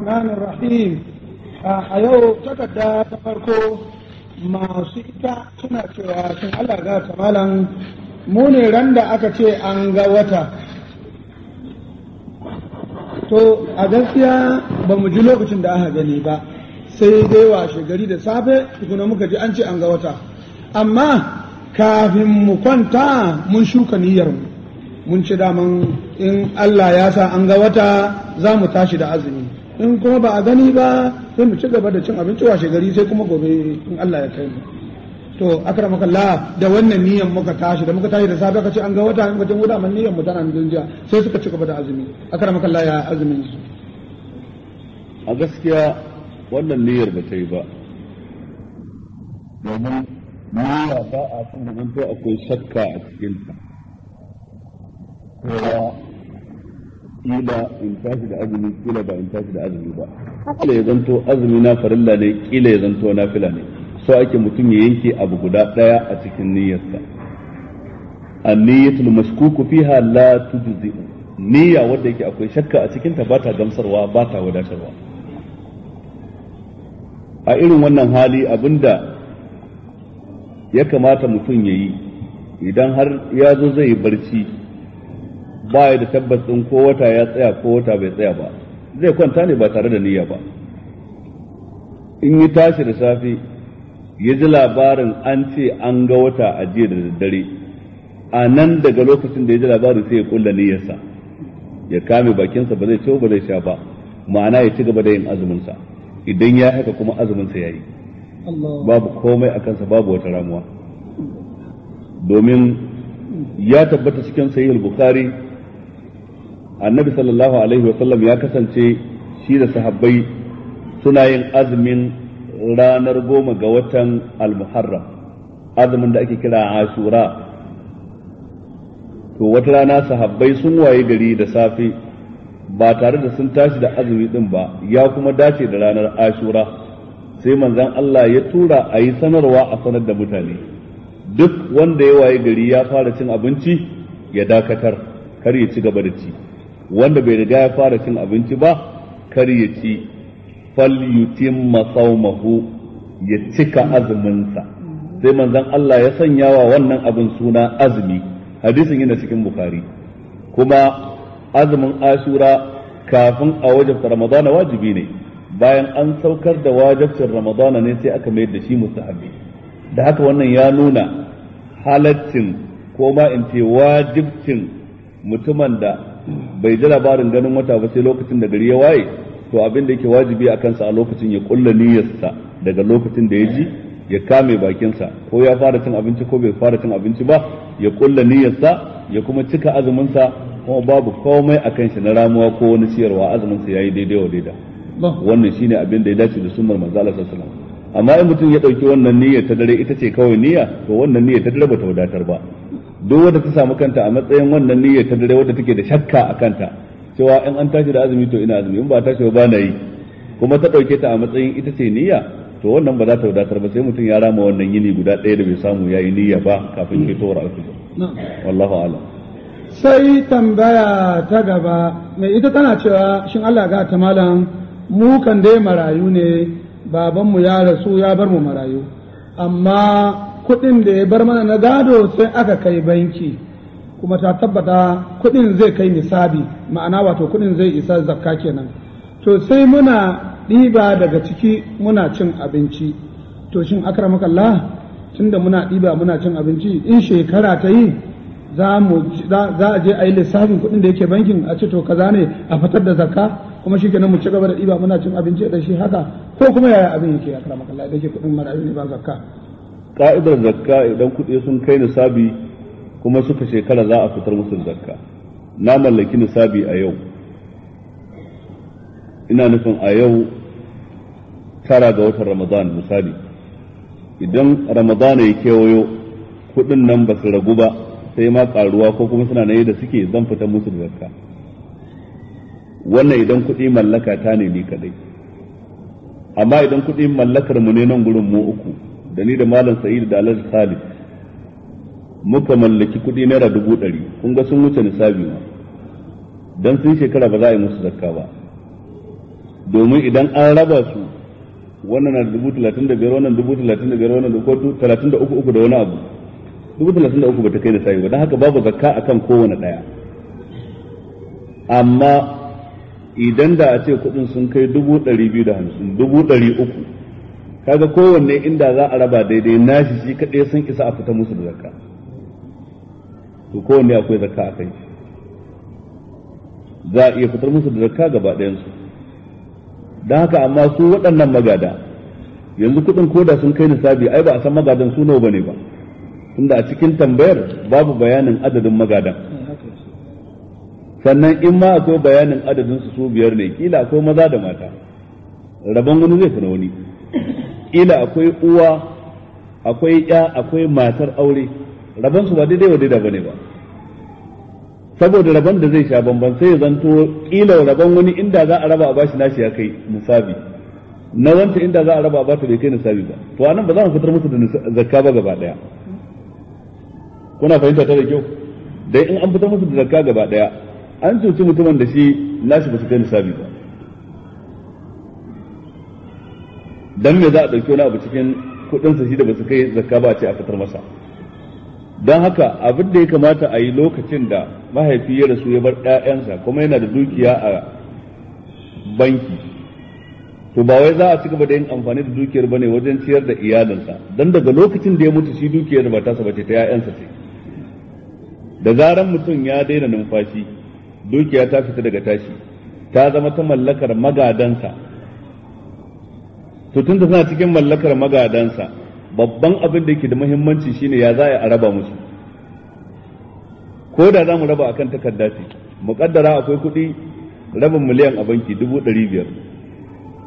الرحمن الرحيم A'a, yau takarda ta farko masu ita suna cewa sun Allah ga kamalan mu ne ran da aka ce an ga wata to a gaskiya bamu ji lokacin da aka gani ba sai dai washe gari da safe tukuna muka ji an ce an ga wata amma kafin mu kwanta mun shuka niyyarmu mun ci daman in Allah ya sa an ga wata za mu tashi da azumi in kuma ba a gani ba sai mu ci gaba da cin abinci washe gari sai kuma gobe in Allah ya kai mu to akramakallah da wannan niyan muka tashi da muka tashi da safe kace an ga wata muka tun wuda man niyan mu tana nan jiya sai suka ci gaba da azumi la ya azumin su a gaskiya wannan niyyar ba ta yi ba domin niyya ba a kan akwai shakka a cikin ta kila in tashi da azumi kila ba in tashi da azumi ba kila ya zanto azumi na farilla ne kila ya zanto na fila ne so ake mutum ya yanke abu guda daya a cikin niyyarsa an-niyyatul mashkuku fiha la tujzi niyya wanda yake akwai shakka a cikin ta bata gamsarwa bata wadatarwa a irin wannan hali abinda ya kamata mutum ya yi idan har ya zo zai yi barci ba ya da tabbas ɗin ko wata ya tsaya ko wata bai tsaya ba zai kwanta ne ba tare da niyya ba in yi tashi da safe ya ji labarin an ce an ga wata a jiya da daddare a nan daga lokacin da ya ji labarin sai ya kulla niyyarsa ya kame bakinsa ba zai ciwo ba zai sha ba ma'ana ya ci gaba da yin azuminsa idan ya haka kuma azuminsa ya yi babu komai a kansa babu wata ramuwa domin ya tabbata cikin sahih al-bukhari annabi sallallahu alaihi wa sallam ya kasance shi da sahabbai suna yin azumin ranar goma ga watan al-muharram azumin da ake kira ashura to wata rana sahabbai sun waye gari da safe ba tare da sun tashi da azumi din ba ya kuma dace da ranar ashura sai manzon Allah ya tura a yi sanarwa a sanar da mutane duk wanda ya waye gari ya fara cin abinci ya dakatar kar ya ci gaba da ci wanda bai riga ya fara cin abinci ba kar ya ci fal yutimma ya cika azuminsa sai manzon Allah ya sanya wa wannan abin suna azumi hadisin yana cikin bukhari kuma azumin asura kafin a wajabta ramadana wajibi ne bayan an saukar da wajabtar ramadana ne sai aka mayar da shi mustahabi da haka wannan ya nuna halaccin ko ma in ce wajibcin mutumin da bai ji labarin ganin wata ba sai lokacin da gari ya waye to abin da yake wajibi a kansa a lokacin ya kulla niyyarsa daga lokacin da ya ji ya kame bakinsa ko ya fara cin abinci ko bai fara cin abinci ba ya kulla niyyarsa ya kuma cika azuminsa kuma babu komai a kan shi na ramuwa ko wani ciyarwa azuminsa ya yi daidai wa daida wannan shine abin da ya dace da sunnar manzo Allah sallallahu alaihi wasallam amma in mutum ya dauki wannan niyyar ta dare ita ce kawai niyya to wannan niyyar ta dare bata wadatar ba duk wanda ta samu kanta a matsayin wannan niyyar ta dare wanda take da shakka a kanta cewa in an tashi da azumi to ina azumi in ba tashi ba na yi kuma ta ɗauke ta a matsayin ita ce niyya to wannan ba za ta wadatar ba sai mutum ya rama wannan yini guda ɗaya da bai samu ya yi niyya ba kafin ke tawar alfijir wallahu alam sai tambaya ta gaba mai ita tana cewa shin Allah ga ta malam mu kan dai marayu ne babanmu ya rasu ya bar mu marayu amma kuɗin da ya bar mana na gado sai aka kai banki kuma ta tabbata kuɗin zai kai nisabi ma'ana wato kuɗin zai isa zakka kenan to sai muna ɗiba daga ciki muna cin abinci to shin Akramakalla tunda muna ɗiba muna cin abinci in shekara ta yi za a je a yi lissafin kuɗin da yake bankin a ce to kaza ne a fitar da zakka kuma shi kenan mu ci gaba da ɗiba muna cin abinci da shi haka ko kuma yaya abin yake akramakallah da yake kuɗin marayu ne ba zakka ka'idar zakka idan kuɗi sun kai nisabi kuma suka shekara za a fitar musu zakka na mallaki nisabi a yau ina nufin a yau tara ga watan ramadan misali idan ramadan ya kewayo kuɗin nan ba su ragu ba sai ma ƙaruwa ko kuma suna na da suke zan fita musu zakka wannan idan kuɗi mallaka ta ne ni kadai amma idan kuɗi mallakar mu ne nan gurin mu uku da ni da malam sa'id da alhaji khalid muka mallaki kuɗi naira dubu ɗari kun ga sun wuce nisabi ma dan sun shekara ba za a yi musu zakka ba domin idan an raba su wannan na dubu talatin da biyar wannan dubu talatin da biyar wannan dubu talatin da uku uku da wani abu dubu talatin da uku ba ta kai nisabi ba don haka babu zakka akan kowane ɗaya amma idan da a ce kuɗin sun kai dubu ɗari biyu da hamsin dubu ɗari uku kaga kowanne inda za a raba daidai nashi shi kaɗai sun isa a fita musu da zakka to kowanne akwai zakka a kai za a iya fitar musu da zakka gaba ɗayansu don haka amma su waɗannan magada yanzu kuɗin koda sun kai nisabi ai ba a san magadan su nawa bane ba tunda a cikin tambayar babu bayanin adadin magadan sannan in ma akwai bayanin adadin su su biyar ne kila akwai maza da mata rabon wani zai fi na wani ila akwai uwa akwai ya akwai matar aure rabon su ba daidai wa daidai bane ba saboda rabon da zai sha bamban sai ya zanto kila rabon wani inda za a raba a bashi nashi ya kai musabi na wancan inda za a raba a bata bai kai nisabi ba to anan ba za mu fitar musu da zakka ba gaba daya kuna fahimta ta da kyau dai in an fitar musu da zakka gaba daya an cuci mutumin da shi nashi ba su kai nisabi ba dan me za a dauki wani abu cikin kudin sa shi da basu kai zakka ba ce a fitar masa dan haka abin da ya kamata a yi lokacin da mahaifi ya rasu ya bar ƴaƴansa kuma yana da dukiya a banki to ba wai za a ci gaba da yin amfani da dukiyar bane wajen ciyar da iyalinsa dan daga lokacin da ya mutu shi dukiyar ba ta bace ta ƴaƴansa ce da zaran mutum ya daina numfashi dukiya ta fita daga tashi ta zama ta mallakar magadansa to tunda suna cikin mallakar magadansa babban abin da yake da muhimmanci shine ya za a raba musu ko da za mu raba akan takarda ce muƙaddara akwai kuɗi rabin miliyan a banki dubu ɗari biyar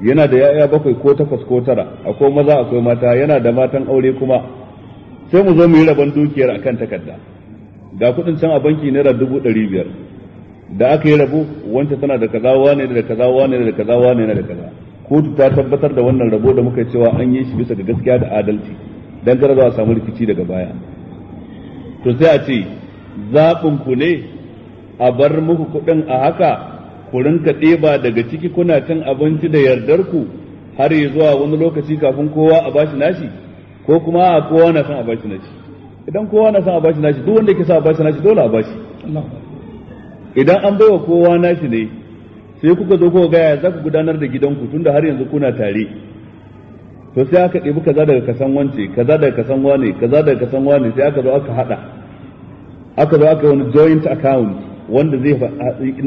yana da ya'ya bakwai ko takwas ko tara akwai maza akwai mata yana da matan aure kuma sai mu zo mu yi rabon dukiyar akan takarda ga kuɗin can a banki naira dubu ɗari biyar da aka yi rabu wancan tana da kaza wane da kaza wane da kaza wane da kaza kotu ta tabbatar da wannan rabo da muka cewa an yi shi bisa ga gaskiya da adalci dan kada za a samu rikici daga baya to sai a ce zaɓin ku ne a bar muku kuɗin a haka ku rinka ɗeba daga ciki kuna cin abinci da yardar ku har ya zuwa wani lokaci kafin kowa a bashi nashi ko kuma a kowa na son a bashi nashi idan kowa na son a bashi nashi duk wanda ke sa a bashi nashi dole a bashi idan an baiwa kowa nashi ne sai kuka zo kuka gaya za ku gudanar da gidanku tunda har yanzu kuna tare to sai aka ɗebi kaza daga kasan wance kaza daga kasan wane kaza daga kasan wane sai aka zo aka haɗa aka zo aka wani joint account wanda zai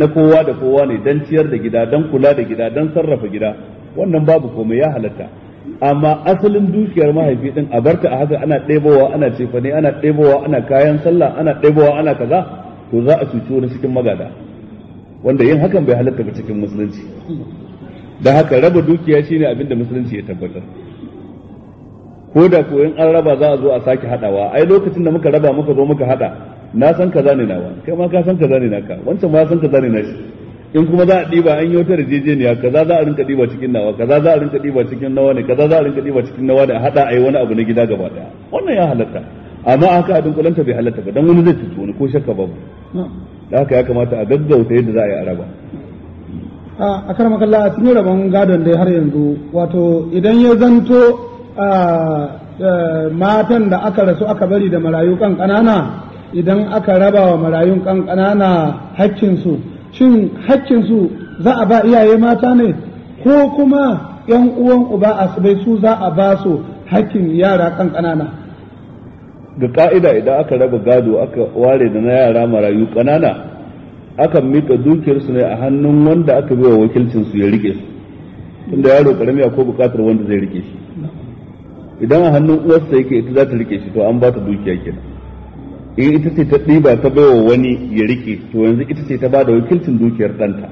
na kowa da kowa ne dan ciyar da gida dan kula da gida dan sarrafa gida wannan babu komai ya halatta amma asalin dukiyar mahaifi din a barta a haka ana ɗebowa ana cefane ana ɗebowa ana kayan sallah ana ɗebowa ana kaza to za a cuci wani cikin magada wanda yin hakan bai halatta ba cikin musulunci da haka raba dukiya shine abin da musulunci ya tabbatar ko da ko in an raba za a zo a sake hadawa ai lokacin da muka raba muka zo muka hada na san kaza ne nawa kai ma ka san kaza ne naka wancan ma san kaza ne nashi in kuma za a diba an yi wata rijejeniya kaza za a rinka diba cikin nawa kaza za a rinka diba cikin nawa ne kaza za a rinka diba cikin nawa ne a hada ai wani abu na gida gaba daya wannan ya halatta amma haka a dunkulanta bai halatta ba dan wani zai tutu wani ko shakka babu da haka ya kamata a gaggauta yadda za a yi a raba. a kar makalla a cikin rabon gadon dai har yanzu wato idan ya zanto matan da aka rasu aka bari da marayu kan kanana idan aka raba wa marayun kan kanana haƙƙinsu shin haƙƙinsu za a ba iyaye mata ne ko kuma yan uwan uba bai su za a ba su haƙƙin yara kan kanana ga ka'ida idan aka raba gado aka ware da na yara marayu ƙanana akan mika dukiyarsu ne a hannun wanda aka biya wakilcin wakilcinsu ya rike su tunda yaro karami ko bukatar wanda zai rike shi idan a hannun uwarsa yake ita za ta rike shi to an ba ta dukiya kenan in ita ce ta ɗiba ta baiwa wani ya rike to yanzu ita ce ta ba da wakilcin dukiyar ɗanta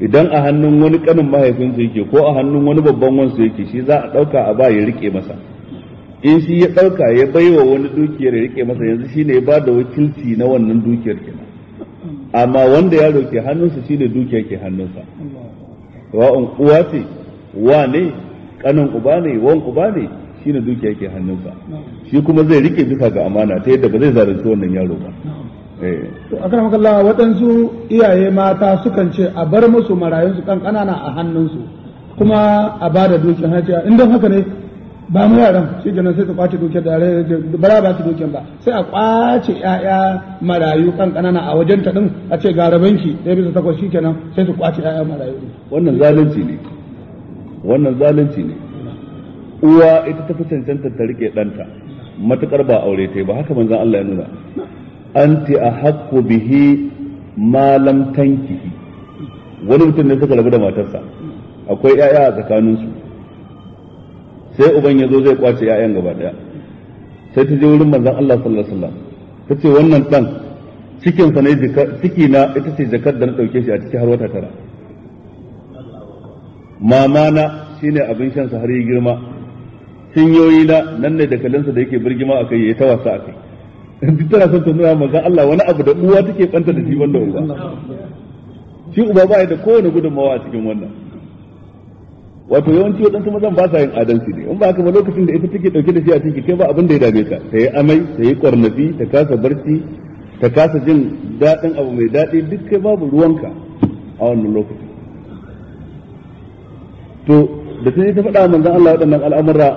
idan a hannun wani kanin mahaifinsa yake ko a hannun wani babban wansa yake shi za a ɗauka a ba ya rike masa in shi ya ɗauka ya baiwa wani dukiyar ya rike masa yanzu shine ya da wakilci na wannan dukiyar ke amma wanda ya roƙe hannunsa shine dukiya ke hannunsa wa'un uwa ce wa ne ƙanan uba ne wan uba ne shine dukiya ke hannunsa shi kuma zai rike bisa ga amana ta yadda ba zai zalunci wannan yaro ba eh. to a karamar kalla waɗansu iyaye mata sukan ce a bar musu marayunsu kan ƙanana a hannunsu kuma a ba da dukiyar hajjiya in don haka ne ba mu yaran shi kenan sai ta kwace dukiyar da bara ba su dukiyar ba sai a kwace ƴaƴa marayu kan kanana a wajen ta din a ce ga rabanki ɗaya bisa takwas shi kenan sai su kwace ƴaƴa marayu wannan zalunci ne wannan zalunci ne uwa ita ta fi cancanta ta rike ɗanta matukar ba aure ta ba haka manzon Allah ya nuna anti ahaqqu bihi ma lam tankihi wani mutum ne suka rabu da matarsa akwai ƴaƴa a tsakaninsu sai uban ya zo zai kwace ya'yan gaba daya sai ta je wurin manzon Allah sallallahu alaihi wasallam ta ce wannan dan cikin sa ne ciki na ita ce jakar da na dauke shi a ciki har wata tara mama na shine abin shan sa har yi girma cinyoyi na nan ne da kalansa da yake birgima kai ya ta wasa a kai duk tana son ta nuna manzon Allah wani abu da uwa take banta da shi wanda uba shi uba ba ya da kowane gudunmawa a cikin wannan wato yawanci waɗansu mazan ba sa yin adalci ne in ba haka ba lokacin da ita take ɗauke da shi a ciki kai ba abin da ya dame ta ta yi amai ta yi ƙwarnafi ta kasa barci ta kasa jin daɗin abu mai daɗi duk kai babu ruwanka a wannan lokacin to da ta yi ta faɗa manzon Allah waɗannan al'amura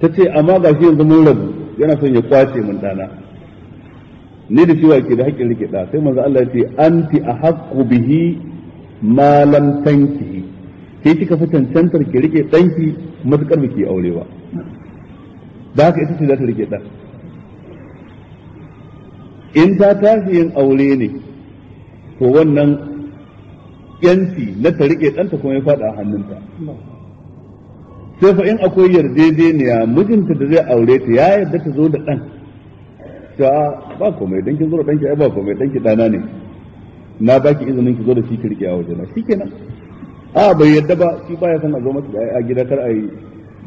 ta ce amma ga shi yanzu mun rabu yana son ya kwace mun ɗana ni da cewa ke da haƙƙin rike ɗa sai manzon Allah ya ce anti ahaqqu bihi ma lam tankihi sai kika fi cancantar ki rike danki matukar biki aure ba da haka ita ce za ta rike dan in ta tashi yin aure ne to wannan yanci na ta rike danta kuma ya fada a hannunta sai fa in akwai yarjejeniya mijinta da zai aure ta ya yarda ta zo da dan ta ba komai don ki zo da danki ai ba komai danki dana ne na baki izinin ki zo da shi ki rike a wajena shikenan a bai yadda ba shi ya san a zo masa da a gida kar a yi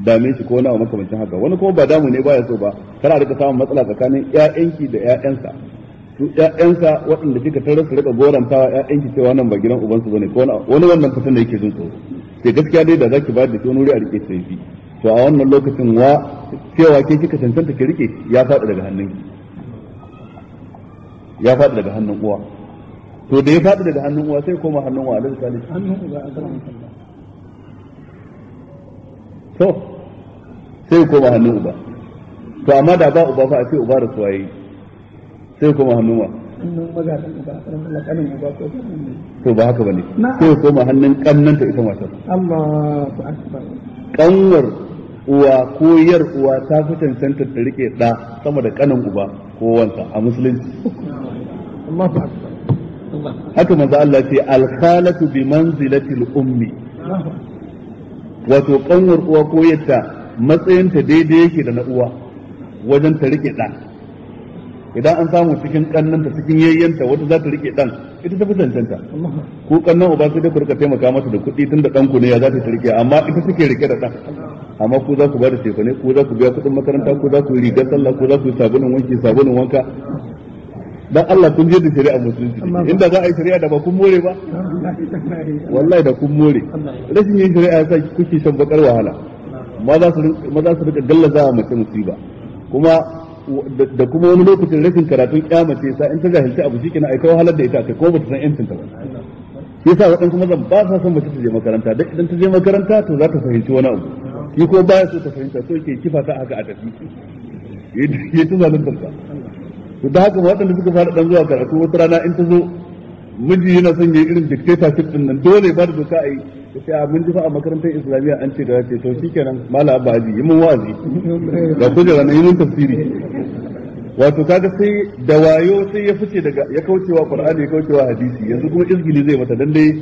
dame shi ko wani abu makamancin haka wani kuma ba damu ne ba ya so ba kar a rika samun matsala tsakanin ƴaƴanki da ƴaƴansa su ƴaƴansa waɗanda kika tarar su rika tawa ƴaƴanki cewa nan ba gidan ubansu bane ko wani wannan kasan da yake jin tsoro sai gaskiya dai da zaki ba da shi wani wuri a rike sai fi to a wannan lokacin wa cewa ke kika cancanta ki rike ya faɗi daga hannunki ya faɗi daga hannun uwa to da ya faɗi daga hannun uwa sai koma hannun uwa alaihi salih hannun uwa to sai koma hannun uba to amma da ba uba fa a ce uba da suwaye sai koma hannun uwa to ba haka bane sai koma hannun ta ita matar Allahu akbar kanwar uwa ko yar uwa ta fi cancanta ta rike da sama da kanin uba ko wanta a musulunci Allahu akbar haka manzo Allah ce al-khalatu bi manzilati al-ummi wato kanwar uwa ko yatta matsayinta daidai yake da na uwa wajen ta rike dan idan an samu cikin kannanta cikin yayyanta wata za ta rike dan ita ta fi tanta ko kannan uba sai dai ku rika taimaka mata da kuɗi tunda dan ku ne ya za ta rike amma ita take rike da dan amma ku za ku ba da cefane ku za ku biya kuɗin makaranta ku za ku yi rigar sallah ku za ku yi sabulun wanki sabulun wanka dan Allah kun je da shari'a musulunci inda za a yi shari'a da ba kun more ba wallahi da kun more rashin yin shari'a yasa kuke shan bakar wahala maza su maza su rika gallaza mace musiba kuma da kuma wani lokacin rashin karatun kyamace sa in ta jahilci abu shikenan ai kawo halar da ita ta ko bata san yancin ta ba yasa waɗansu mazan ba sa son mace ta je makaranta da idan ta je makaranta to za ta fahimci wani abu shi ko baya so ta fahimta so ke kifa ta haka a tafi yayi ta zalunta to da haka waɗanda suka fara ɗan zuwa karatu wata rana in ta zo miji yana son yayi irin dictatorship din nan dole ba da doka a yi sai a mun ji fa a makarantar islamiyya an ce da ce to kenan mala ba ji yi mun wazi da kujera na yi mun tafsiri wato kaga sai da wayo sai ya fice daga ya kaucewa qur'ani ya kaucewa hadisi yanzu kuma izgili zai mata dan dai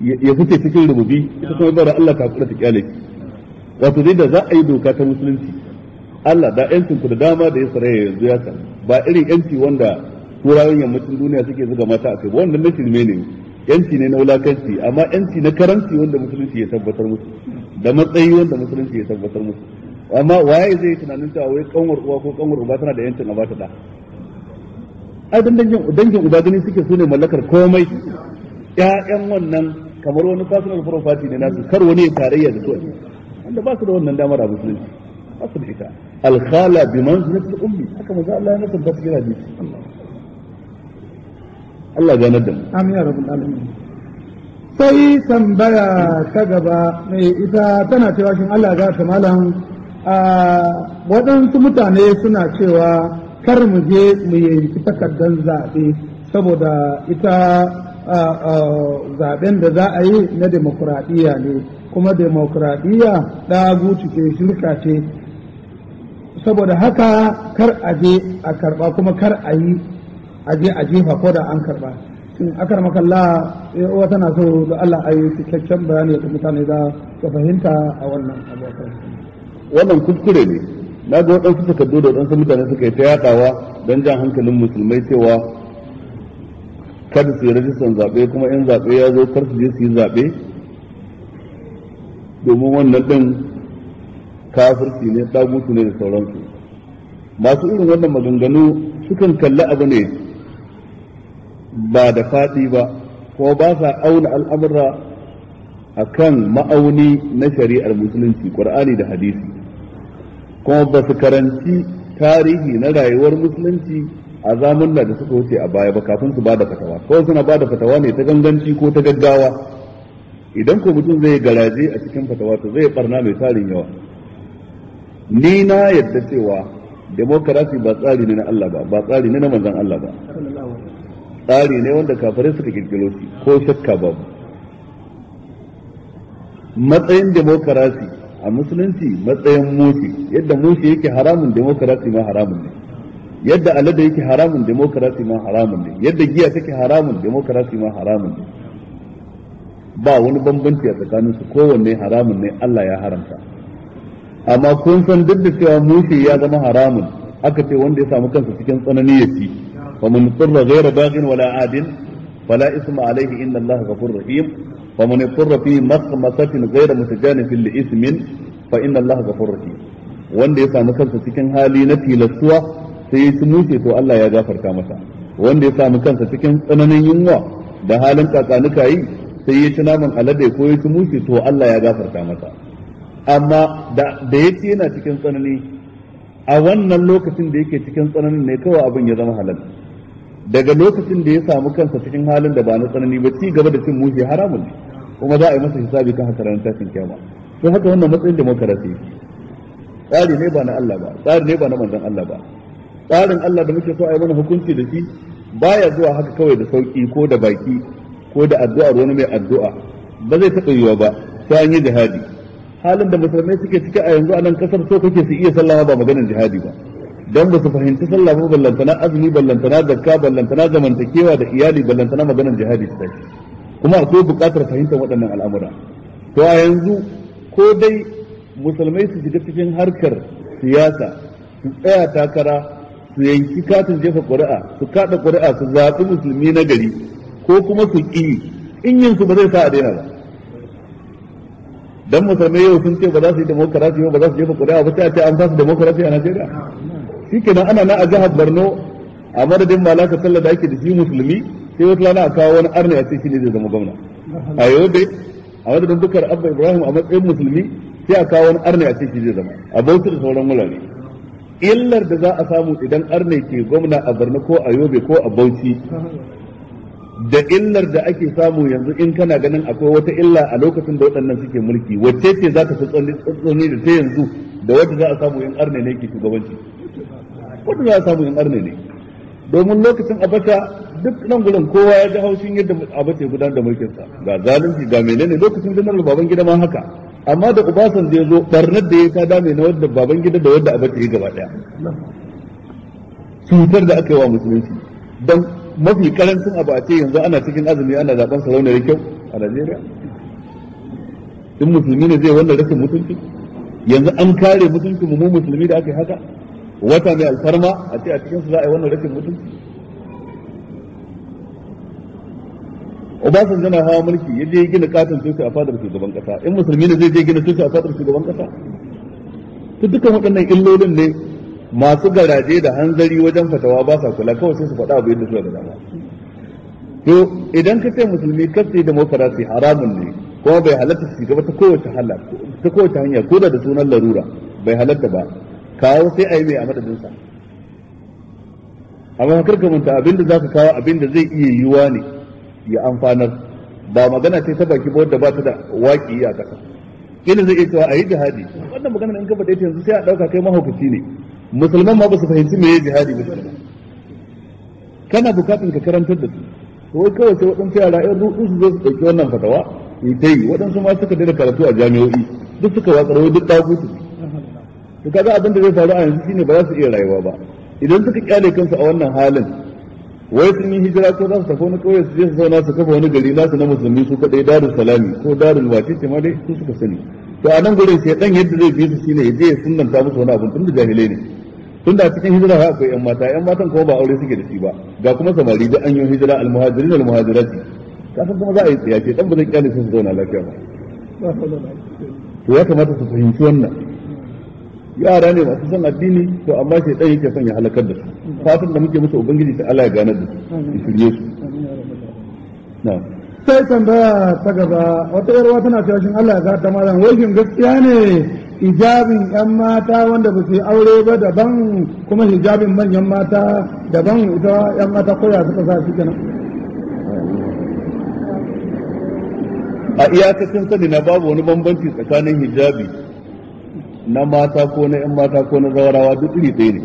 ya fice cikin rububi ita kuma bara Allah ka kula ta kyale wato dai da za a yi doka ta musulunci Allah da yancin ku da dama da Isra'ila yanzu ya samu ba irin yanci wanda turawan yammacin duniya suke zuga mata a kai ba wannan na shirme ne yanci ne na wulakanci amma yanci na karanci wanda musulunci ya tabbatar musu da matsayi wanda musulunci ya tabbatar musu amma waye zai yi tunanin cewa wai kanwar uwa ko kanwar uba tana da yancin a bata da ai dan dangin dangin uba gani suke sune mallakar komai ƴaƴan wannan kamar wani personal property ne nasu kar wani ya tarayya da su wanda ba su da wannan damar a musulunci ba su da ita الخالة بمنزلة manzilati حكا haka maza Allah ya nasa ba cikin hadisi Allah ganar da mu amin ya rabbul alamin sai tambaya ta gaba mai ita tana cewa shin Allah ga waɗansu mutane suna cewa kar mu je mu yanki takardar zaɓe saboda ita zaɓen da za a yi na demokuraɗiyya ne kuma demokuraɗiyya ɗagu ce shirka ce saboda haka kar a je a karba kuma kar a yi a je a jefa ko da an karba shin makalla eh, uwa tana so da Allah a yi cikakken bayani da mutane za su fahimta a wannan abokan wannan kuskure ne na ga waɗansu takardu da waɗansu mutane suka yi ta yaɗawa don jan hankalin musulmai cewa kada su yi rajistan zaɓe kuma in zaɓe ya zo kar su je su yi zaɓe domin wannan ɗin kafirci ne tsagutu ne da sauransu masu irin wannan maganganu sukan kalli abu ne ba da faɗi ba ko ba sa auna al'amura a kan ma'auni na shari'ar musulunci ƙwar'ani da hadisi kuma ba su karanci tarihi na rayuwar musulunci a zamanna da suka wuce a baya ba kafin su ba da fatawa kawai suna ba da fatawa ne ta ganganci ko ta gaggawa idan ko mutum zai garaje a cikin fatawa to zai barna mai tarin yawa ni na yadda cewa demokarasi ba tsari ne na Allah ba ba tsari ne na manzon Allah ba tsari ne wanda kafirai suka kirkiro shi ko shakka babu matsayin demokarasi a musulunci matsayin mushi yadda mushi yake haramun demokarasi ma haramun ne yadda alada yake haramun demokarasi ma haramun ne yadda giya take haramun demokarasi ma haramun ne ba wani bambanci a tsakaninsu kowanne haramun ne Allah ya haramta amma kun san duk da cewa mushe ya zama haramun aka ce wanda ya samu kansa cikin tsanani ya ci fa mun tsirra ghayra baghin wala adin fala isma alayhi inna allaha ghafurur rahim fa man tsirra fi maqmasatin ghayra mutajanifin li ismin fa inna allaha ghafurur rahim wanda ya samu kansa cikin hali na tilastuwa sai ya ci mushe to Allah ya gafarta masa wanda ya samu kansa cikin tsananin yunwa da halin kakanuka yi sai ya ci naman alade ko ya ci mushe to Allah ya gafarta masa amma da ya ce yana cikin tsanani a wannan lokacin da yake cikin tsananin ne kawai abin ya zama halal daga lokacin da ya samu kansa cikin halin da ba na tsanani ba ci gaba da cin mushi haramun ne kuma za a yi masa hisabi kan haka ranar tashin kyama sun haka wannan matsayin demokarasi tsari ne ba na Allah ba tsari ne ba na manzon Allah ba tsarin Allah da muke so a yi mana hukunci da shi baya zuwa haka kawai da sauki ko da baki ko da addu'ar wani mai addu'a ba zai taɓa yiwa ba sai an yi jihadi halin da musulmai suke ciki a yanzu a nan kasar so kake su iya sallah ba maganar jihadi ba dan ba su fahimci sallah ba ballantana azumi ballantana zakka ballantana zamantakewa da iyali ballantana maganar jihadi ta kuma akwai buƙatar fahimtar waɗannan al'amura to a yanzu ko dai musulmai su shiga cikin harkar siyasa su tsaya takara su yanki katin jefa ƙuri'a su kaɗa ƙuri'a su zaɓi musulmi na gari ko kuma su ƙi in yin su ba zai sa a daina ba dan musulmai yau sun ce ba za su yi demokarasi ba za su jefa kuri'a ba sai a ce an sasu demokarasi a Najeriya shikenan ana na a jihar Borno a madadin malaka sallah da ake da shi musulmi sai wata lana a kawo wani arna a ce ne zai zama gwamna a Yobe a madadin dukkan Abba Ibrahim a matsayin musulmi sai a kawo wani arna a ce shi zai zama a bautar da sauran wurare illar da za a samu idan arna ke gwamna a Borno ko a Yobe ko a Bauchi da illar da ake samu yanzu in kana ganin akwai wata illa a lokacin da waɗannan suke mulki wacce ce za ta fi tsotsoni da ta yanzu da wata za a samu in arne ne ke shugabanci wata za a samu in arne ne domin lokacin abata duk nan gudan kowa ya ji haushin yadda abata ya gudanar da mulkinsa ga zalunci ga menene lokacin janar baban gida ma haka amma da ubasan zai zo barnar da ya ta dame na wadda baban gida da wadda abata ya gaba daya cutar da aka yi wa musulunci don mafi karancin abu a ce yanzu ana cikin azumi ana zaben sarauniyar kyau a Najeriya in musulmi ne zai wannan rashin mutunci yanzu an kare mutunci mu musulmi da aka haka wata mai alfarma a ce a cikin su za a yi wannan rashin mutunci Obasan na hawa mulki ya je gina katon tushe a fadar shugaban kasa in musulmi ne zai je gina tushe a fadar shugaban kasa ta dukkan waɗannan illolin ne masu garaje da hanzari wajen fatawa ba sa kula kawai sai su faɗa abu yadda suka ga dama to idan ka ce musulmi kasi da sai haramun ne kuma bai halatta su gaba ta kowace halatta ta kowace hanya ko da sunan larura bai halatta ba kawo sai a yi mai a madadin sa amma kar ka manta abinda za ka kawo abinda zai iya yiwuwa ne ya amfanar ba magana ce ta baki ba wadda ba ta da waƙi a ƙasa ina zai iya cewa a yi jihadi wannan magana in ka faɗe yanzu sai a ɗauka kai mahaukaci ne musulman ma ba su fahimci me jihadi ba kana bukatun ka karantar da su wai kawai sai waɗansu yara yan rudu su zo su ɗauki wannan fatawa ta yi waɗansu ma suka daina karatu a jami'o'i duk suka watsar wai duk ɗagutu to kaga abin da zai faru a yanzu shine ba za su iya rayuwa ba idan suka kyale kansu a wannan halin wai sun yi hijira ko za su tafi wani ƙauye su je su zauna su kafa wani gari nasu na musulmi su kaɗai darul salami ko darul wacece ma dai su suka sani to a nan gurin sai ɗan yadda zai bi su shine ya je ya sunanta musu wani abu tun da jahilai ne tunda cikin hijira ha akwai yan mata yan matan kuma ba aure suke da shi ba ga kuma samari da an yi hijira almuhajirin almuhajirati ka san kuma za a yi tsiyace dan ba zai kyale su zauna lafiya ba to ya kamata su fahimci wannan yara ne masu son addini to amma sai dai yake son ya halakar da su fatan da muke musu ubangiji ta Allah ya gane da su shirye su na sai tambaya ta gaba wata yarwa tana cewa shin Allah ya ga ta malam wai gaskiya ne hijabin 'yan mata wanda ba su yi aure ba daban kuma hijabin manyan mata daban ita 'yan mata koya suka sa shi kenan a iyakacin sani na babu wani bambanci tsakanin hijabi na mata ko na 'yan mata ko na zawarawa duk iri ɗaya ne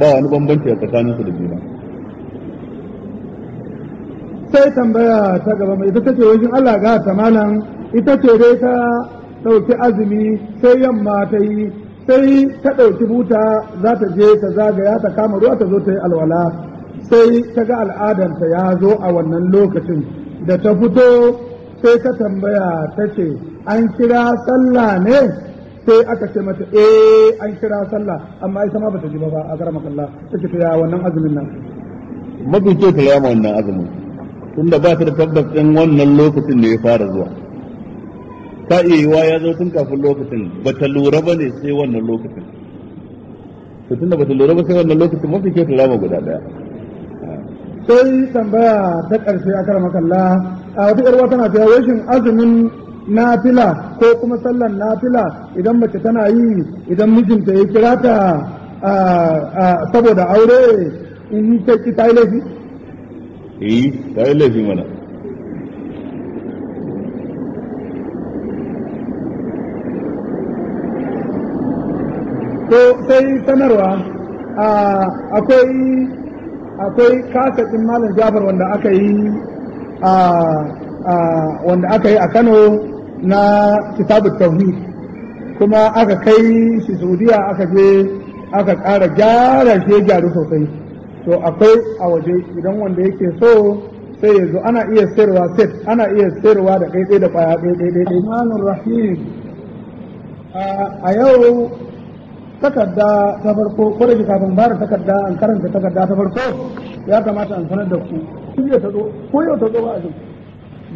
ba wani bambanci a tsakanin su da juna sai tambaya ta gaba mai ita ce wajen Allah ga ta malam ita ce dai ta ɗauki azumi sai yamma ta yi sai ta ɗauki buta za ta je ta zagaya ta kama ruwa ta zo ta yi alwala sai ta ga al'adanta ya zo a wannan lokacin da ta fito sai ta tambaya ta ce an kira sallah ne sai aka ce mata eh an kira sallah amma ita ma bata ji ba a karama kalla ta ce ya wannan azumin nan mafi kyau ta yama wannan azumin tunda ba ta da tabbas ɗin wannan lokacin da ya fara zuwa ta iya ya zo tun kafin lokacin ba ta lura ba ne sai wannan lokacin to tun da ba ta lura ba sai wannan lokacin mafi ke ta ba guda daya sai tambaya ta ƙarshe a kar makalla a wata ƴar tana cewa shin azumin nafila ko kuma sallar nafila idan mace tana yi idan mijinta ya kira ta saboda aure in ta ki ta yi laifi? eh ta yi laifi mana sai sanarwa akwai akwai din malam jafar wanda aka yi wanda aka yi a kano na kitabu tauhid kuma aka kai shi saudiya aka je aka ƙara gyara shi gyaru sosai to akwai a waje idan wanda yake so sai ya zo ana iya sayarwa set ana iya sayarwa da kai da kwaya ɗaya ɗaya ɗaya rahim a yau takarda ta farko ko da kafin fara takarda an karanta takarda ta farko ya kamata an sanar da ku jiya ta zo ko yau ta zo ba azin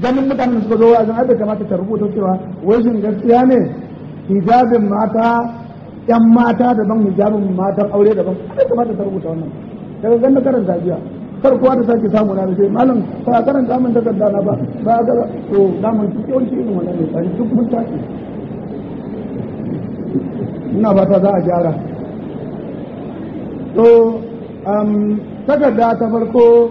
ganin mutanen da suka zo azin ai kamata ta rubuta cewa wai shin gaskiya ne hijabin mata yan mata daban hijabin matan aure daban ai kamata ta rubuta wannan daga ganin karanta jiya kar kowa da sake samu na sai malam ba karanta mun takarda na ba ba ga to da mun yawanci irin wannan ne duk mun tashi ina fata za a gyara to um, takarda ta farko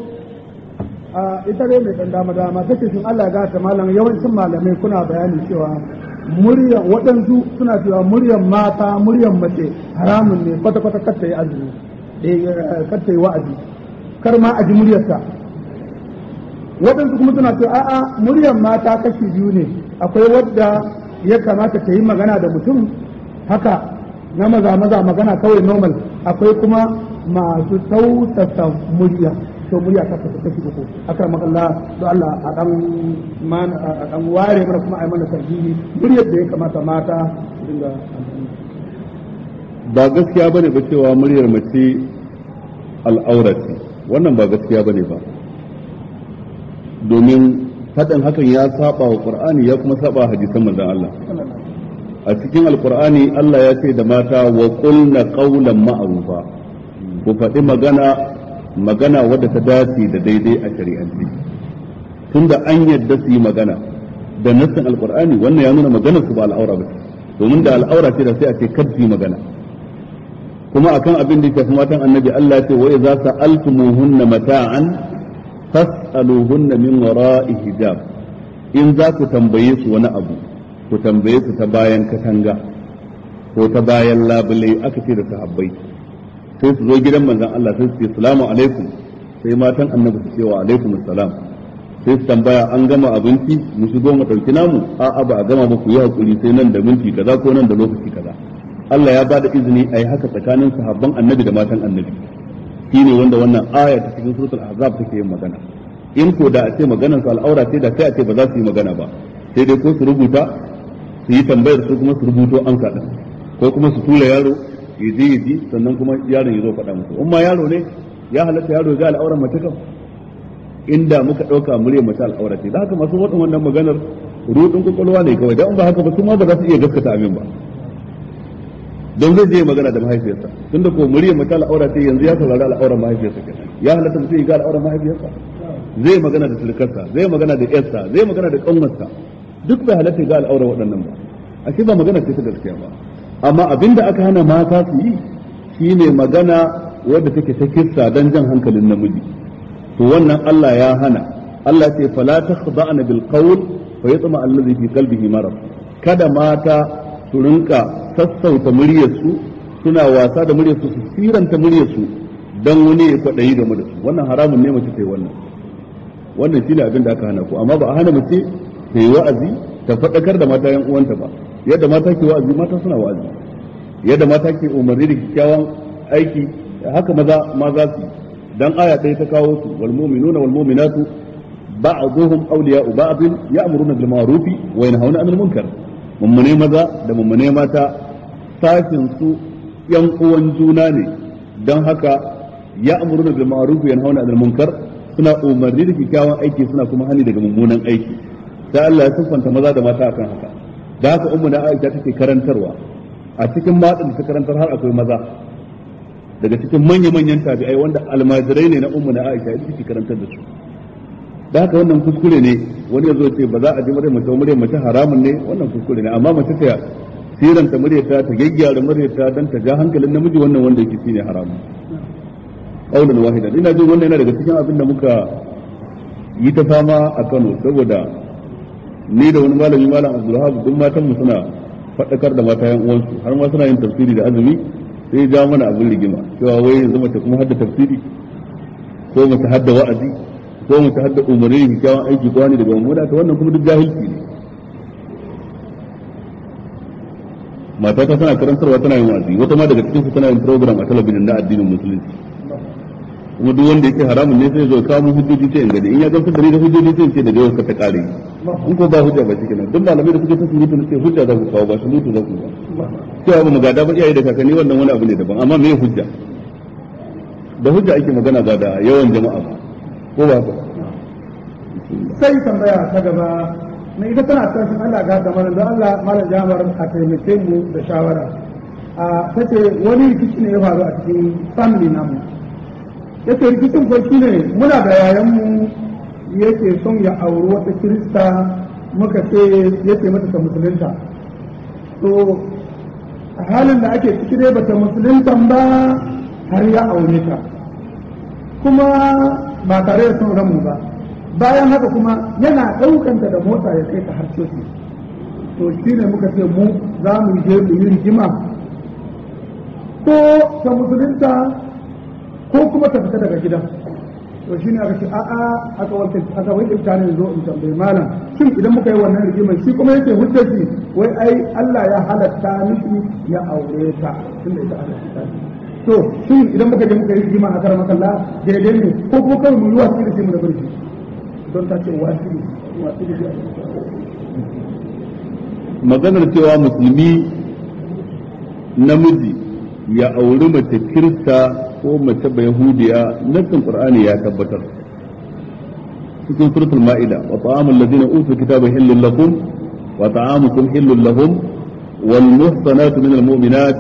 ita dai mai ɗan dama dama take sun Allah ga ta malam yawancin malamai kuna bayani cewa muryan waɗansu suna cewa muryan mata muryan mace haramun ne kwata kwata kar ta yi azumi eh, kar ta yi wa'azi kar ma a ji muryarta waɗansu kuma suna cewa a'a muryan mata kashi biyu ne akwai wadda ya kamata ta yi magana da mutum haka na maza maza magana kawai normal akwai kuma masu tausasa murya to murya ta fata take uku akar makalla don Allah a dan man a dan ware mana kuma a mana tarjihi muryar da ya kamata mata dinga ba gaskiya bane ba cewa muryar mace al'aurati wannan ba gaskiya bane ba domin fadan hakan ya saba wa qur'ani ya kuma saba hadisan manzon Allah a cikin alkur'ani Allah ya ce da mata wa qulna qawlan ma'rufa ku faɗi magana magana wadda ta dace da daidai a shari'ance tunda an yadda su yi magana da nassin alkur'ani wannan ya nuna maganar su ba al'aura ba domin da al'aura ce da sai a ce kar su yi magana kuma akan abin da ya matan annabi Allah ya ce wa idza sa'altumuhunna mata'an fas'aluhunna min wara'i hijab in za ku tambaye su wani abu ku tambaye su ta bayan katanga ko ta bayan labule aka ce da sahabbai sai su zo gidan manzon Allah sai su ce salamu alaikum sai matan annabi su ce wa alaikum assalam sai su tambaya an gama abinci mu shigo mu dauki namu a'a ba a gama ba ku yi hakuri sai nan da minti kaza ko nan da lokaci kaza Allah ya ba da izini a yi haka tsakanin sahabban annabi da matan annabi shi ne wanda wannan aya ta cikin suratul ahzab take yin magana in ko da a ce maganar su al'aura ce da sai a ce ba za su yi magana ba sai dai ko su rubuta su yi tambayar su kuma su rubuto amsa kaɗa ko kuma su tura yaro ya je ya ji sannan kuma yaron ya zo faɗa musu in ma yaro ne ya halatta yaro ga al'auran mace kam inda muka ɗauka murya mace al'aura ce da haka masu waɗin wannan maganar rudin kwakwalwa ne kawai dan ba haka ba su ma ba za su iya gaskata amin ba don zai je magana da mahaifiyarsa tunda ko murya mace al'aura ce yanzu ya saurari al'auran mahaifiyarsa kenan ya halatta mutum ya ga al'auran mahaifiyarsa zai magana da surkarsa zai magana da yarsa zai magana da ƙanwarsa duk bai halatta ga al'aura waɗannan ba ashe ba magana ce ta gaskiya ba amma abin da aka hana mata su yi shine magana wadda take ta kissa dan jan hankalin namiji to wannan Allah ya hana Allah ce fala takhda'na bil qawl fa yatma alladhi fi qalbihi marad kada mata su rinka sassauta muryarsu suna wasa da muryarsu su siranta muryarsu dan wani ya kwadayi game da su wannan haramun ne mace ta yi wannan wannan shine abin da aka hana ku amma ba a hana mace ta yi wa'azi ta faɗakar da mata yan uwanta ba yadda mata ke wa'azi mata suna wa'azi yadda mata ke umarni da kyakkyawan aiki haka maza ma za su dan aya ɗaya ta kawo su wal mu'minuna wal mu'minatu ba'dhuhum awliya'u ba'd ya'muruna bil ma'ruf wa yanhauna 'anil munkar mummune maza da mummune mata sashin su yan uwan juna ne dan haka ya'muruna bil ma'ruf wa yanhauna 'anil munkar suna umarni da kyakkyawan aiki suna kuma hani daga mummunan aiki sai Allah ya siffanta maza da mata akan haka da haka ummu na Aisha take karantarwa a cikin matan da ta karantar har akwai maza daga cikin manya-manyan tabi'ai wanda almajirai ne na ummu na Aisha ita take karantar da su da haka wannan kuskure ne wani ya zo ce ba za a ji muryar mace muryar mace haramun ne wannan kuskure ne amma mace ta ta muryar ta ta gaggyara muryar ta dan ta ga hankalin namiji wannan wanda yake shine haramun qaulan wahida ina jin wannan yana daga cikin abin da muka yi ta fama a Kano saboda ni da wani malami malam Abdulwahab duk matan mu suna fadakar da mata yan uwansu har ma suna yin tafsiri da azumi sai ja mana abin rigima cewa wai yanzu mace kuma hadda tafsiri ko mace hadda wa'azi ko mace hadda umarni da kyawun aiki ko wani daga mummuna to wannan kuma duk jahilci ne mata ta tana karantarwa tana yin wa'azi wata ma daga cikin su tana yin program a talabijin na addinin musulunci kuma duk wanda yake haramun ne sai zo kawo hujjoji ce in gani in ya gamsu da ni da hujjoji in ce daga jawar ka ta kare in ko ba hujja ba shi kenan duk malamai da suke ta surutu ne hujja za ku kawo ba surutu za ku ba cewa ba mu gada ba iyaye da kakanni wannan wani abu ne daban amma me hujja da hujja ake magana ba da yawan jama'a ba ko ba haka sai tambaya ta gaba na ita tana son Allah ga da malam Allah malam jama'ar a taimake mu da shawara a tace wani rikici ne ya faru a cikin family namu yace rikicin ko shine muna da yayan mu yake son ya auri wata kirista muka ce yake mata ta musulunta to a halin da ake ciki dai bata musuluntan ba har ya aure ta kuma ba tare da son ramu ba bayan haka kuma yana ɗaukanta da mota ya kai ta har coci to shi ne muka ce mu za mu je mu yi rigima ko ta musulunta ko kuma ta fita daga gidan to ne aka ce a'a aka wanke aka wanke mutane zo in tambayi malam shin idan muka yi wannan rigimar shi kuma yake hujjar shi wai ai Allah ya halatta miki ya aure ta tunda ita halatta to shin idan muka je muka yi rigima a karamar kalla daidai ne ko kuma kawai mu yi wasu da shi mu da barci don ta ce wasu wasu da maganar cewa musulmi namiji ya auri mace kirista ko mace ba hudiya nassin qur'ani ya tabbatar cikin suratul ma'ida wa ta'amul ladina utul kitaba hillul lakum wa ta'amukum hillul lahum wal muhsanatu minal mu'minat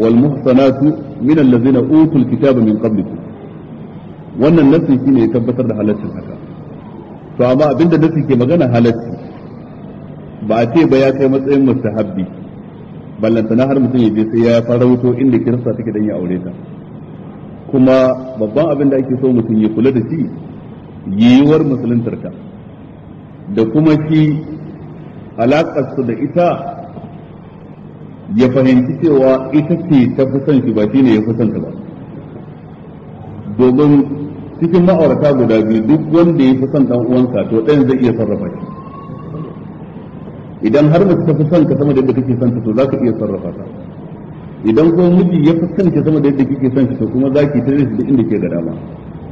wal muhsanatu minal ladina utul kitaba min qablikum wannan nassi shine ya tabbatar da halaccin haka to amma abinda nassi ke magana halacci ba a ce ba ya kai matsayin mustahabbi ballantana har mutum ya je sai ya farauto inda kirista take dan ya aure ta kuma babban abin da ake so mutum ya kula da shi yiwuwar musuluntar ta da kuma shi su da ita ya fahimci cewa ita ce ta fi son shi ba shi ne ya fi son ta ba domin cikin ma'aurata guda biyu duk wanda ya fi son ɗan uwansa to ɗayan zai iya sarrafa shi idan har mace ta fi son ka sama da yadda kake son ta to za ka iya sarrafa ta idan ko miji ya fi son ka sama da yadda kake son ki to kuma zaki ta zai da inda ke da dama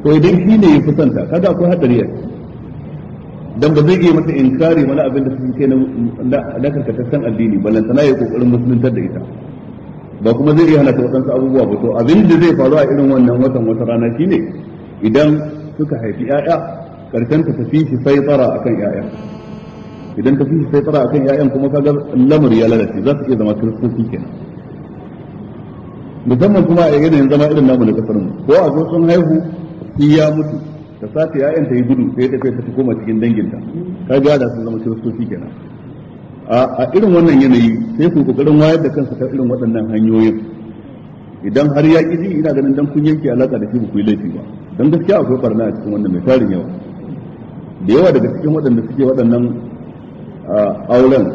to idan shi ne ya fi son ta kaga akwai hadari a dan ba zai iya mata inkari wani abin da suke na na karkataccen addini balantana ya kokarin musuluntar da ita ba kuma zai iya hana ta wadansu abubuwa ba to abin da zai faru a irin wannan watan wata rana shine idan suka haifi 'ya'ya karshen ta tafi shi sai tsara akan 'ya'ya idan ka fi sai tsara akan ƴaƴan kuma kaga lamari ya lalace za su iya zama kiristoci kenan musamman kuma a yanayin zama irin namu na kasar mu ko a zo sun haihu iya mutu ta sace ƴaƴan ta yi gudu sai ta tafi ta koma cikin danginta ga da sun zama kiristoci kenan a irin wannan yanayi sai ku kokarin wayar da kansa ta irin waɗannan hanyoyin idan har ya ƙi ji ina ganin dan kun yanke alaƙa da shi ba ku yi laifi ba dan gaskiya akwai barna a cikin wannan mai tarin yawa da yawa daga cikin waɗanda suke waɗannan auren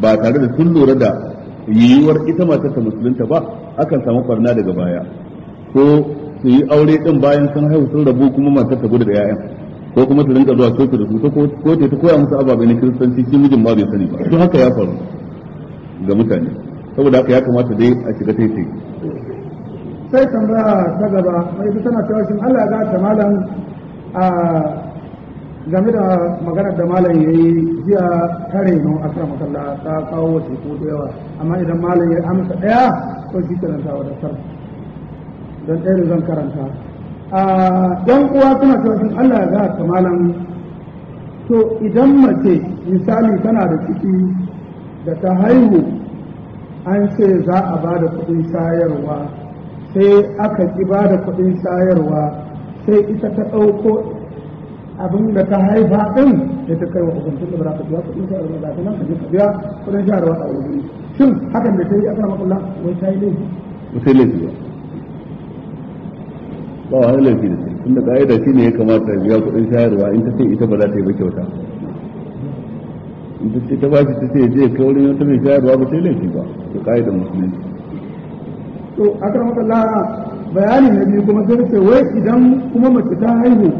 ba tare da sun lura da yiwuwar ita matar ta musulunta ba akan samu farna daga baya ko su yi aure din bayan sun haihu sun rabu kuma matar ta gudu da 'ya'yan ko kuma su rinka zuwa coci da su ko ta ta koya musu ababai na kiristanci shi mijin ba bai sani ba to haka ya faru ga mutane saboda haka ya kamata dai a shiga tai tai sai tambaya ta gaba mai ita tana cewa shin Allah ya ga ta malam a game da maganar da malam ya yi jiya kare renon a kan makalla ta kawo wace ko da yawa amma idan malam ya amsa ɗaya ko shi karanta wa da don ɗaya da zan karanta a ɗan uwa suna cewa Allah ya ta malam to idan mace misali tana da ciki da ta haihu an ce za a ba da kuɗin sayarwa sai aka ƙi ba da kuɗin sayarwa sai ita ta ɗauko abin da ta haifa din da ta kai wa hukuncin da ba zuwa ka biya kuɗin sai a zaka nan da ta biya kuɗin shayarwa a wurin shin hakan da ta yi kan makulla wai ta yi laifi ba ta yi laifi ba ba wani laifi da ta. yi tunda ka'ida shi ne ya kamata ya biya kuɗin shayarwa in ta ce ita ba za ta yi ba kyauta in ta ce ta ba shi ta ce je kai wurin wata mai shayarwa ba ta yi laifi ba da ka'idan musulunci to akramaka Allah bayani na biyu kuma sai wai idan kuma mace ta haihu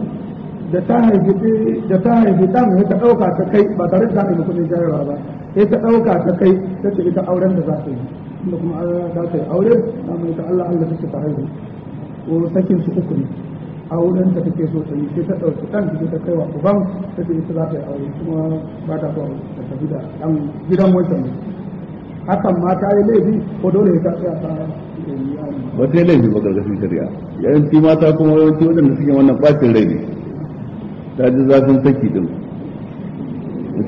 da ta haifi da ta haifi dan ya ta dauka ta kai ba tare da ta kuɗin jayarwa ba ya ta dauka ta kai ta ce ita auren da za ta yi inda kuma za ta yi aure na mai ta Allah Allah take ta haihu ko sakin su uku ne auren da take so ta yi sai ta dauki dan da ta kai wa uban ta ce ita za ta yi aure kuma ba ta so ta tafi da dan gidan wajen ne hakan ma ta yi laifi ko dole ya ta tsaya ta ba sai laifi ba gargashin shari'a yawanci mata kuma yawanci wajen da suke wannan ɓacin rai ne ta ji zafin saki din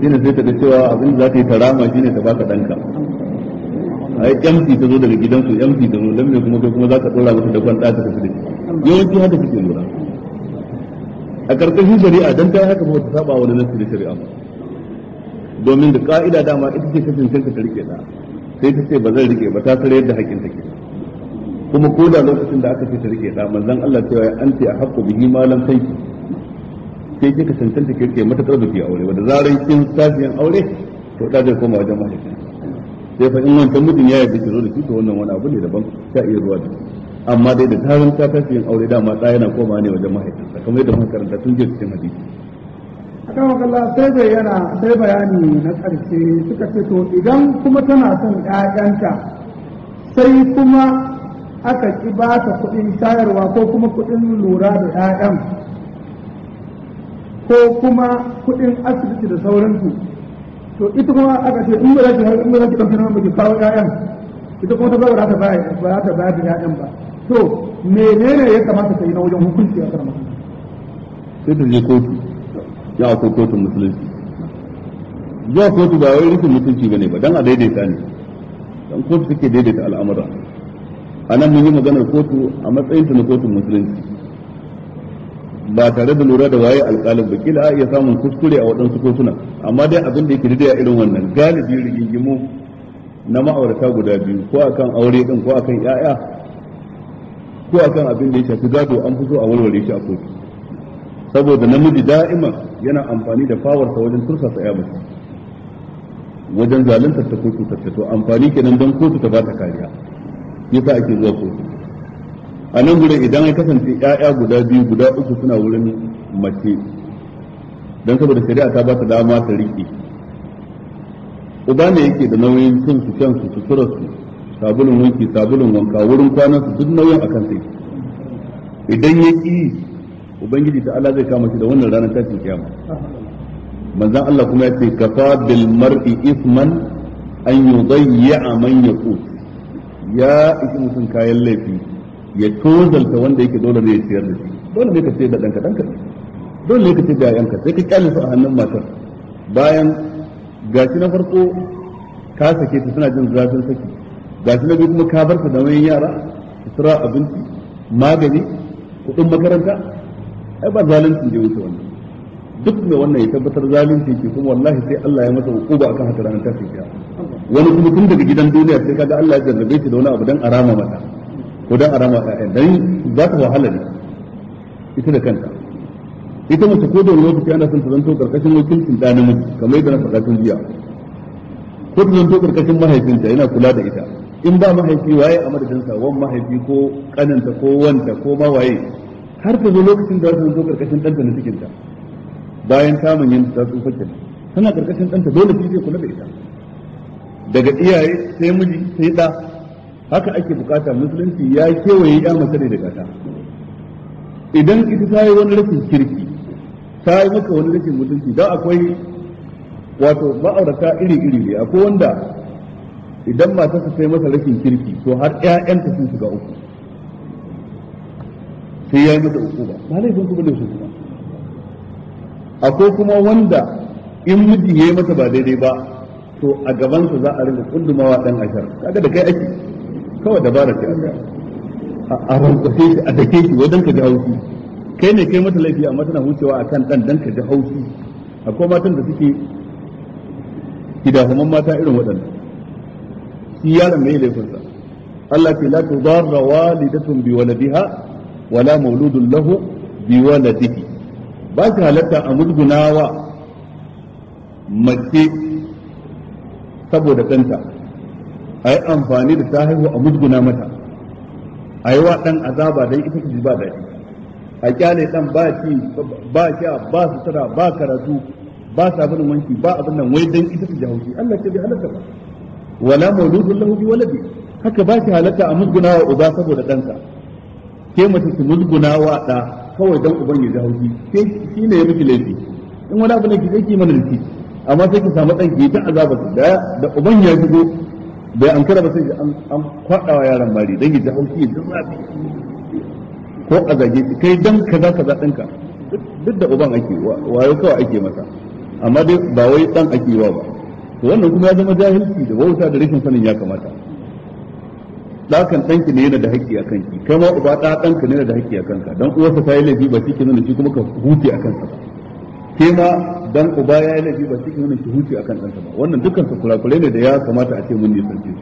shi ne sai ta cewa abin da za ta yi tarama shi ne ta baka ɗanka yi yamsi ta zo daga gidansu yamsi ta zo lamme kuma kai kuma za ka ɗora wasu da kwan ɗa ta fi da yawanci haka suke lura a ƙarƙashin shari'a don ta yi haka ba ta saba wani nasu da shari'a domin da ƙa'ida dama ita ce kasance kanka ta rike da sai ta ce ba zan rike ba ta tare yadda haƙƙin take kuma ko da lokacin da aka ce ta rike da manzon Allah cewa an ce a haƙƙo bihi malam sanki sai kika cancanta ki rike matakar ba ki aure ba da zaran kin tashi yin aure to da zai koma wajen mahaifin sai fa in wancan mutum ya yarda ki zo da shi to wannan wani abu ne daban ta iya zuwa da amma dai da tarin ta tashi yin aure dama ɗa yana koma ne wajen mahaifinsa kamar yadda muka karanta tun jiya cikin hadisi akan wakalla sai bayyana sai bayani na ƙarshe suka ce to idan kuma tana son ƴaƴanta sai kuma aka ki ba ta kuɗin shayarwa ko kuma kuɗin lura da ƴaƴan ko kuma kuɗin asibiti da sauransu to ita kuma aka ce in ba za ki in ba za ki ɗauki ba ki kawo ƴaƴan ita kuma ta zaura ta bayar ba za ta bayar da ƴaƴan ba to menene ya kamata ta yi na wajen hukunci a karama sai ta je kotu ya akwai kotun musulunci zuwa kotu ba wai rufin mutunci ne ba dan a daidaita ne dan kotu suke daidaita al'amura a nan mun yi maganar kotu a matsayinta na kotun musulunci ba tare da lura da waye alƙalin ba kila iya samun kuskure a waɗansu kotuna amma dai abin da yake a irin wannan galibi rigingimu na ma'aurata guda biyu ko akan aure din ko akan ƴaƴa ko akan abin da ya shafi gado an fito a warware shi a kotu saboda namiji da'ima yana amfani da sa wajen tursasa ya yaba wajen zalunta ta kotu ta to amfani kenan don kotu ta ba ta kariya yasa ake zuwa kotu a nan gudun idan ya kasance 'ya'ya guda biyu guda uku suna wurin mace don saboda shari'a ta ba ta dama ta riƙe uba ne yake da nauyin cin su can su suturar su sabulun wanki sabulun wanka wurin kwanan su duk nauyin akan sai idan ya ƙi ubangiji ta Allah zai kama shi da wannan ranar tashin kiyama manzan Allah kuma ya ce kafa bil mar'i isman an a man yaqut ya iki mutum kayan laifi ya tozalta wanda yake dole ne ya ciyar da shi dole ne ka ce da ɗanka ɗanka dole ne ka ce da yanka sai ka kyale su a hannun matar bayan gashi na farko ka sake ta suna jin zafin saki gashi na biyu kuma ka bar ta da wayan yara sutura abinci magani kuɗin makaranta ai ba zalunci ne wuce wannan duk da wannan ya tabbatar zalunci ke kuma wallahi sai Allah ya masa hukuba akan haka ranar tashin wani kuma tun daga gidan duniya sai kaga Allah ya jarrabe shi da wani abu dan arama mata ko dan arama ƴaƴan dan za ta wahala ne ita da kanta ita mace ko da wani lokaci ana son ta zanto karkashin wakilcin ɗanin namiji kamar yadda na faɗa tun jiya ko ta zanto karkashin mahaifinta yana kula da ita in ba mahaifi waye a madadinsa wan mahaifi ko kananta ko wanta ko ma waye har ta zo lokacin da za ta zanto karkashin ɗanta na cikinta bayan samun yin ta tsufa kenan tana karkashin ɗanta dole shi zai kula da ita daga iyaye sai miji sai ɗa haka ake bukata musulunci ya kewaye ya mace da gata idan ita ta yi wani rashin kirki ta yi maka wani rashin mutunci da akwai wato ma'aurata iri-iri ne akwai wanda idan mata ta sai masa rashin kirki to har 'ya'yanta sun shiga uku sai ya yi mata uku ba ba laifin su bane su kuma akwai kuma wanda in miji ya yi mata ba daidai ba to a gabansa za a rinka kundumawa dan ashar kaga da kai ake kawai dabara ce a rantsafe shi a dake shi wajen ka ji haushi kai ne kai mata laifi amma tana a akan ɗan dan ka ji haushi akwai matan da suke kidahuman mata irin waɗannan shi yaron mai laifinsa Allah ke la tudarra walidatun bi waladiha wala mauludun lahu bi waladihi ba ka halatta a musgunawa mace saboda kanta a yi amfani da ta haihu a musguna mata a yi wa ɗan azaba don ita ji ba daɗi a kyale ɗan ba shi ba a ba su tara ba karatu ba sabon wanki ba abin nan wai don ita ji haushi Allah ce bai halatta ba wala mauludun lahu bi waladi haka ba shi halatta a musguna wa uba saboda ɗansa ke mace ki musguna wa ɗa kawai don uban ya ji ke shi ne ya miki laifi in wani abu ne ki zai ki mana da shi amma sai ki samu ɗan ki ta azabar da da uban ya zubo. bai an kira ba sai an an kwadawa yaran bari dan ya ji hauki ya zafi ko a zage shi kai dan kaza kaza ɗinka duk da uban ake wayo kawai ake masa amma dai ba wai dan ake wa ba to wannan kuma ya zama jahilci da wauta da rashin sanin ya kamata ɗakan ɗanki ne yana da haƙƙi a kanki kai ma uba ɗa ɗanka ne yana da haƙƙi a kanka dan uwarsa ta yi laifi ba shi ke nuna shi kuma ka huce a kansa ba ke ma dan uba ya yi laifi ba cikin wannan shuhuci huce kan ɗansa ba wannan dukkan kurakurai ne da ya kamata a ce mun ne sarki su.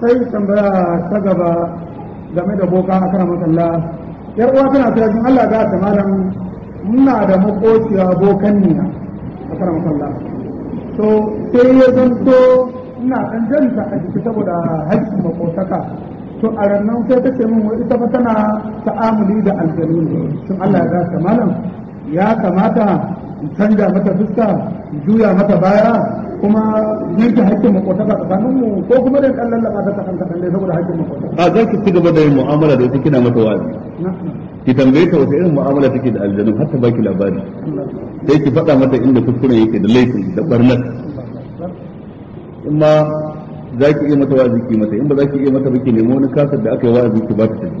sai tambaya ta gaba game da boka a karamar Allah yar uwa tana ta jin Allah ga ta malam muna da makociya bokan ne a karamar Allah to sai ya zanto ina dan janta a jiki saboda haƙƙin makotaka to a rannan sai ta ce min wai ita fa tana ta'amuli da aljanu ne shin Allah ya ga ta malam ya kamata in canja mata fuska in juya mata baya kuma yanke haƙƙin makwataka tsakanin mu ko kuma da ɗan lallaba ta kasan dai saboda haƙƙin makwataka a za ki ci gaba da yin mu'amala da ita kina mata wa'azi ki tambaye ta wata irin mu'amala take da aljanu har ta baki labari sai ki faɗa mata inda kuskuren yake da laifin da barnar amma za ki iya mata wa'azi ki mata in ba za ki iya mata ba ki nemo wani kasar da aka yi wa'azi ki ba ta tafi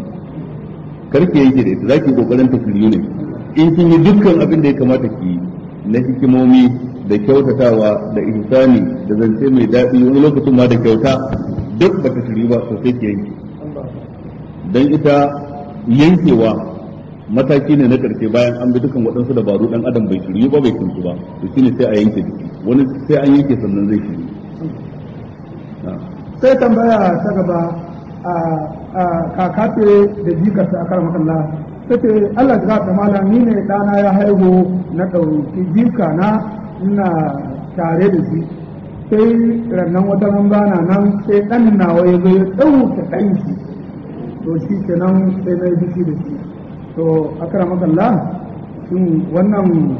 karki yake da ita za ki yi kokarin ta ne in kun yi dukkan abin da ya kamata ki yi na hikimomi da kyautatawa da ihsani da zance mai daɗi wani lokacin ma da kyauta duk bata shiri ba sosai ki yanke dan ita yankewa mataki ne na karshe bayan an bi dukkan waɗansu dabaru ɗan adam bai shiri ba bai kunsu ba to shine sai a yanke jiki wani sai an yanke sannan zai shiri sai tambaya ta gaba a kakafe da jikarsa a karamar Allah ta Allah ta zaɓa mala ni ne ɗana ya haihu na ɗauki jika na ina tare da shi sai rannan wata nan bana nan sai ɗan nawa ya zo ya ɗauka ɗan shi to shi ke nan sai na yi da shi to akara makalla shin wannan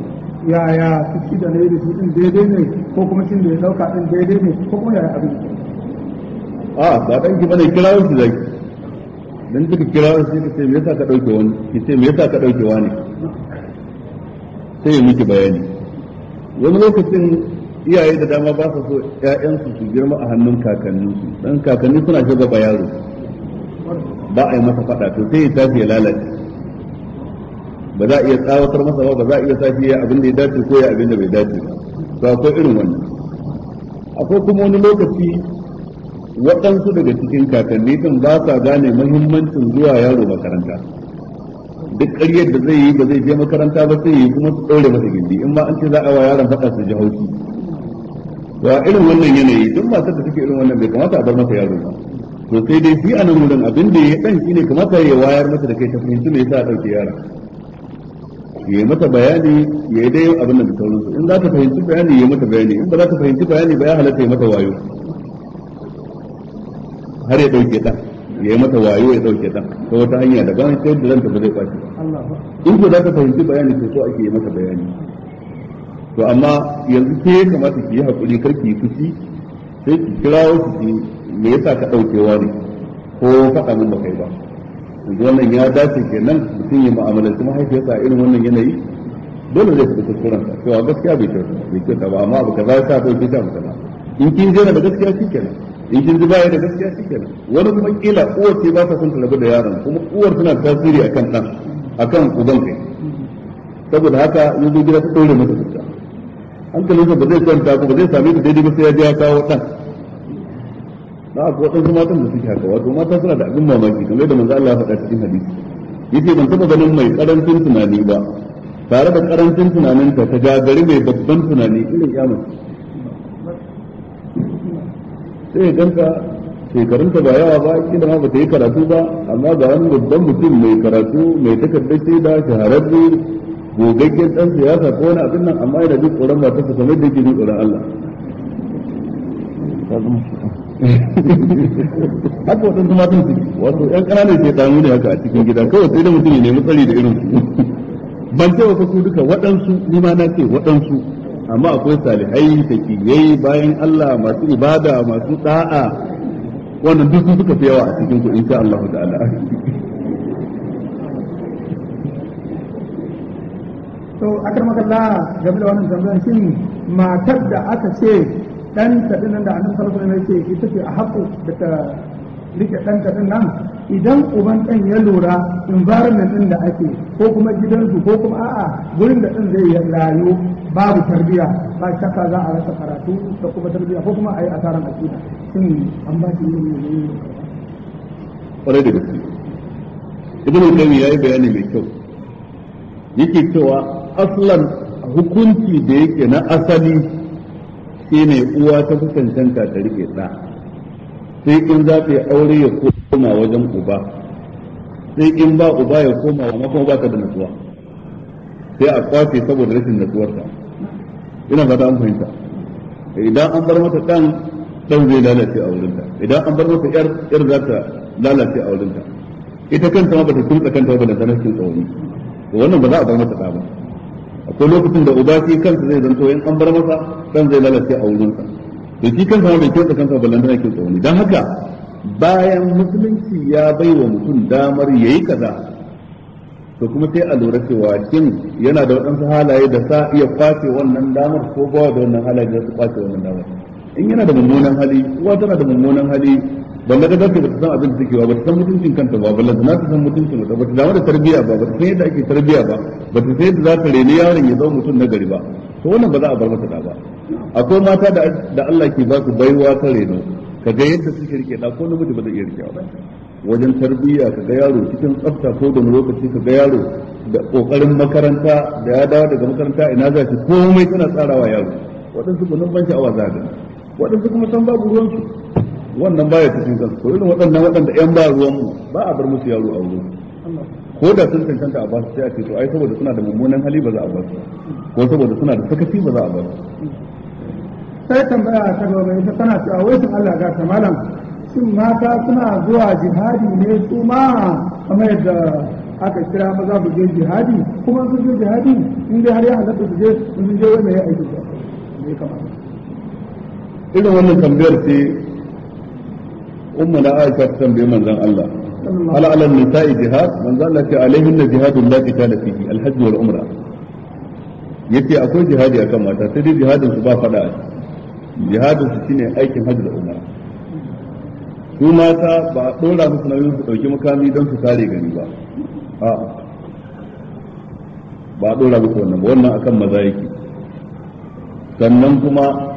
yaya suci da na yi da shi ɗin daidai ne ko kuma shin da ya ɗauka ɗin daidai ne ko kuma yaya abin a ba ɗan ki bane kira wasu zaki dan duka kira sai ka ce me yasa ka dauke wani ki ce me yasa ka dauke wani sai ya miki bayani wani lokacin iyaye da dama ba su so ƴaƴansu su girma a hannun kakanninsu dan kakanni suna shugaba yaro ba a yi masa faɗa to sai ya tafi ya lalace ba za a iya tsawatar masa ba ba za a iya shi ya abin da ya dace ko ya abin da bai dace ba to akwai irin wannan akwai kuma wani lokaci waɗansu daga cikin kakanni sun ba sa gane muhimmancin zuwa yaro makaranta duk ƙaryar da zai yi ba zai je makaranta ba sai yi kuma su ɗaure masa gindi in ma an ce za a wa yaron faɗa su ji haushi to a irin wannan yanayi duk masu da suke irin wannan bai kamata a bar masa yaro ba to sai dai shi a nan wurin abin da ya ɗan shine kamata ya wayar masa da kai ta fahimci me yasa a ɗauke yaron ya yi mata bayani ya yi dai abin da sauransu in za ta fahimci bayani ya mata bayani in ba za ta fahimci bayani ba ya halatta ya mata wayo har ya dauke dan ya yi mata wayo ya dauke dan ta wata hanya daban sai da ranta ba zai kwace in ko za ka fahimci bayani to so ake yi mata bayani to amma yanzu ke ya kamata ki yi hakuri kar ki yi fushi sai ki kira wasu ki me yasa ka dauke wani ko faɗa min ba kai ba yanzu wannan ya dace kenan mutum ya mu'amalanci mahaifiyarsa irin wannan yanayi dole zai fi kuskuren sa cewa gaskiya bai kyauta bai kyauta ba amma abu kaza ya sa bai kyauta ba in kin jera da gaskiya shi kenan in kin ji baya da gaskiya shikenan wani kuma kila uwar ce ba ta son ta rabu da yaron kuma uwar tana tasiri akan dan akan uban kai saboda haka zo gida ta ɗaure masa fuska hankalinsa ba zai kwanta ko ba zai same ta daidai ba sai ya je ya kawo dan na a ɗansu matan da suke haka wato mata suna da abin mamaki kamar da manzo Allah ya faɗa cikin hadisi yace ban taɓa ganin mai karancin tunani ba tare da karancin tunaninta ta gagari mai babban tunani irin ya mutu. sai ya ganka shekarunta ba yawa ba kila ma bata yi karatu ba amma ga wani babban mutum mai karatu mai takardar shaida shahararre gogaggen dan siyasa ko wani abin nan amma yana jin tsoron matarsa kamar da yake jin tsoron Allah haka waɗansu matan su wato 'yan ƙananan ke damu ne haka a cikin gida kawai sai da mutum ne mai tsari da irin su ban ce wasu su duka waɗansu ni ma na ce waɗansu amma akwai salihai da takiyai bayan Allah masu ibada masu da'a wannan duk suka fi yawa a cikin ku insha Allah ta'ala to akar makalla game da wannan tambayar shin matar da aka ce dan ta dinan da annabi sallallahu alaihi wasallam ya ita ce a haƙu da rike ɗanka ɗin nan idan uban ɗan ya lura environment ɗin da ake ko kuma gidansu ko kuma a'a gurin da ɗan zai rayu babu tarbiyya ba shakka za a rasa karatu da kuma tarbiyya, ko kuma a yi asaran aƙida shin an ba shi yin yin kwarai da gaske ibnu qayyim yayi bayani mai kyau yake cewa aslan hukunci da yake na asali shine uwa ta kusantanta ta rike ɗa sai in za ta yi aure ya koma wajen uba sai in ba uba ya koma wa makon ba ta da natsuwa sai a kwace saboda rashin natsuwarsa ina fata an fahimta idan an bar mata dan dan zai lalace a wurinta idan an bar mata yar yar za ta lalace a wurinta ita kanta ma bata kimtsa kanta ba da sanakin tsawoni to wannan ba za a bar mata da ba akwai lokacin da uba shi kansa zai zanto in an bar masa dan zai lalace a wurinsa to shi kansa bai kyauta kansa ballan tana ke tsawoni don haka bayan musulunci ya bai wa mutum damar ya yi kaza to kuma sai a lura cewa kin yana da waɗansu halaye da sa iya kwace wannan damar ko ba da wannan halaye da su kwace wannan damar in yana da mummunan hali uwa tana da mummunan hali ban da ba ta san abin da take ba ta san mutuncin kanta ba balle na ta san mutuncin ta damar da tarbiyya ba ba ta san yadda ake tarbiyya ba ba ta san yadda za ta reni yaron ya zama mutum na gari ba to wannan ba za a bar mata da ba akwai mata da Allah ke ba su baiwa ta reno ka ga yadda suke rike da ko namiji ba zai iya rikewa wajen tarbiyya ka ga yaro cikin tsafta ko da lokaci ka ga yaro da kokarin makaranta da ya dawo daga makaranta ina za shi komai tana tsarawa yaro waɗansu kunan ban sha'awa za ga waɗansu kuma san babu ruwansu wannan baya cikin kansu ko irin waɗannan waɗanda ƴan ba ruwan mu ba a bar musu yaro a wurin ko da sun cancanta a basu sai a ce to ai saboda suna da mummunan hali ba za a basu ko saboda suna da sakaci ba za a basu sai tambaya ta gaba ita tana cewa wai sun Allah ga malam sun mata suna zuwa jihadi ne su ma kamar yadda aka kira maza su je jihadi kuma sun je jihadi in dai har ya halatta su je sun je wai mai aiki ba me kamata irin wannan tambayar ce umma na aisha ta tambaye manzon Allah ala ala nisa'i jihad manzon Allah ce alaihin jihadul la qitala fihi al-hajj wal umra yace akwai jihadi akan mata sai dai jihadin su ba fada a jihadin su shine aikin hajji da umara su mata ba a ɗora musu nauyin su dauki makami don su kare gari ba a ba a ɗora musu wannan ba wannan akan maza yake sannan kuma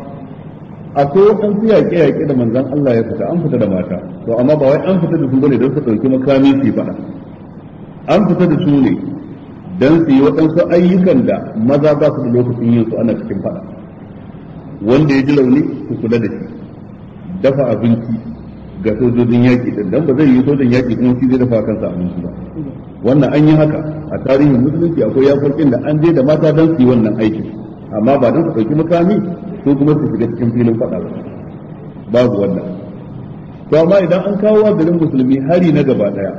akwai waɗansu yaƙe-yaƙe da manzan Allah ya fita an fita da mata to amma ba wai an fita da su bane don su dauki makami su faɗa an fita da su ne don su yi waɗansu ayyukan da maza ba su da lokacin yin su ana cikin faɗa wanda ya ji launi ku kula da shi dafa abinci ga sojojin yaƙi din dan ba zai yi sojan yaƙi kuma shi zai dafa kansa abinci ba wannan an yi haka a tarihin musulunci akwai yakokin da an je da mata dan su yi wannan aiki amma ba dan su ɗauki mukami ko kuma su shiga cikin filin faɗa ba babu wannan to amma idan an kawo wa garin musulmi hari na gaba ɗaya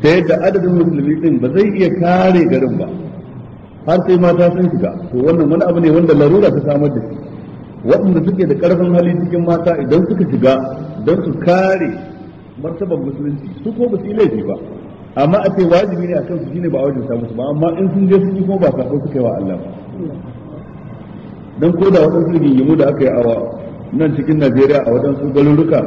ta yadda adadin musulmi din ba zai iya kare garin ba har sai mata sun shiga to wannan wani abu ne wanda larura ta samar da shi waɗanda suke da ƙarfin hali cikin mata idan suka shiga don su kare martaban musulunci su ko ba su laifi ba amma a ce wajibi ne a kan su shine ba a wajen samu su ba amma in sun je sun yi kuma ba sako suka yi wa Allah ba dan ko da waɗansu rigingimu da aka yi a nan cikin Najeriya a wajen su garuruka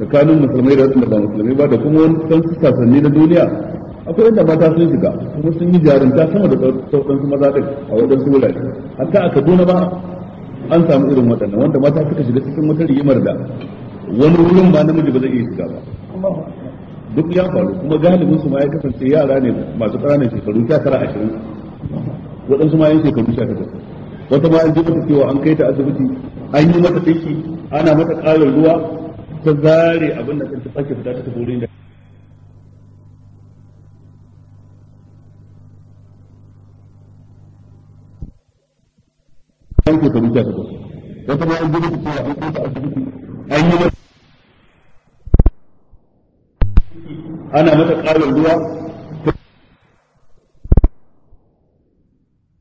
tsakanin musulmai da waɗanda ba musulmai ba da kuma wani sasanni na duniya akwai inda mata sun shiga kuma sun yi jarumta sama da sauran su maza din a waɗansu wurare hatta a Kaduna ba an samu irin waɗannan wanda mata suka shiga cikin wata rigimar da wani wurin ba namiji ba zai iya shiga ba duk ya faru kuma galibin su ma ya kasance yara ne masu ƙananan shekaru tara ashirin waɗansu ma yan shekaru sha takwas wata ma an ji mata cewa an kai ta asibiti an yi mata ɗinki ana mata ƙarin ruwa ta zare abin da ta sake fita ta tafi wurin da kan shekaru sha takwas wata ma an gudu ta cewa an asibiti an yi mata ana mata ƙarin ruwa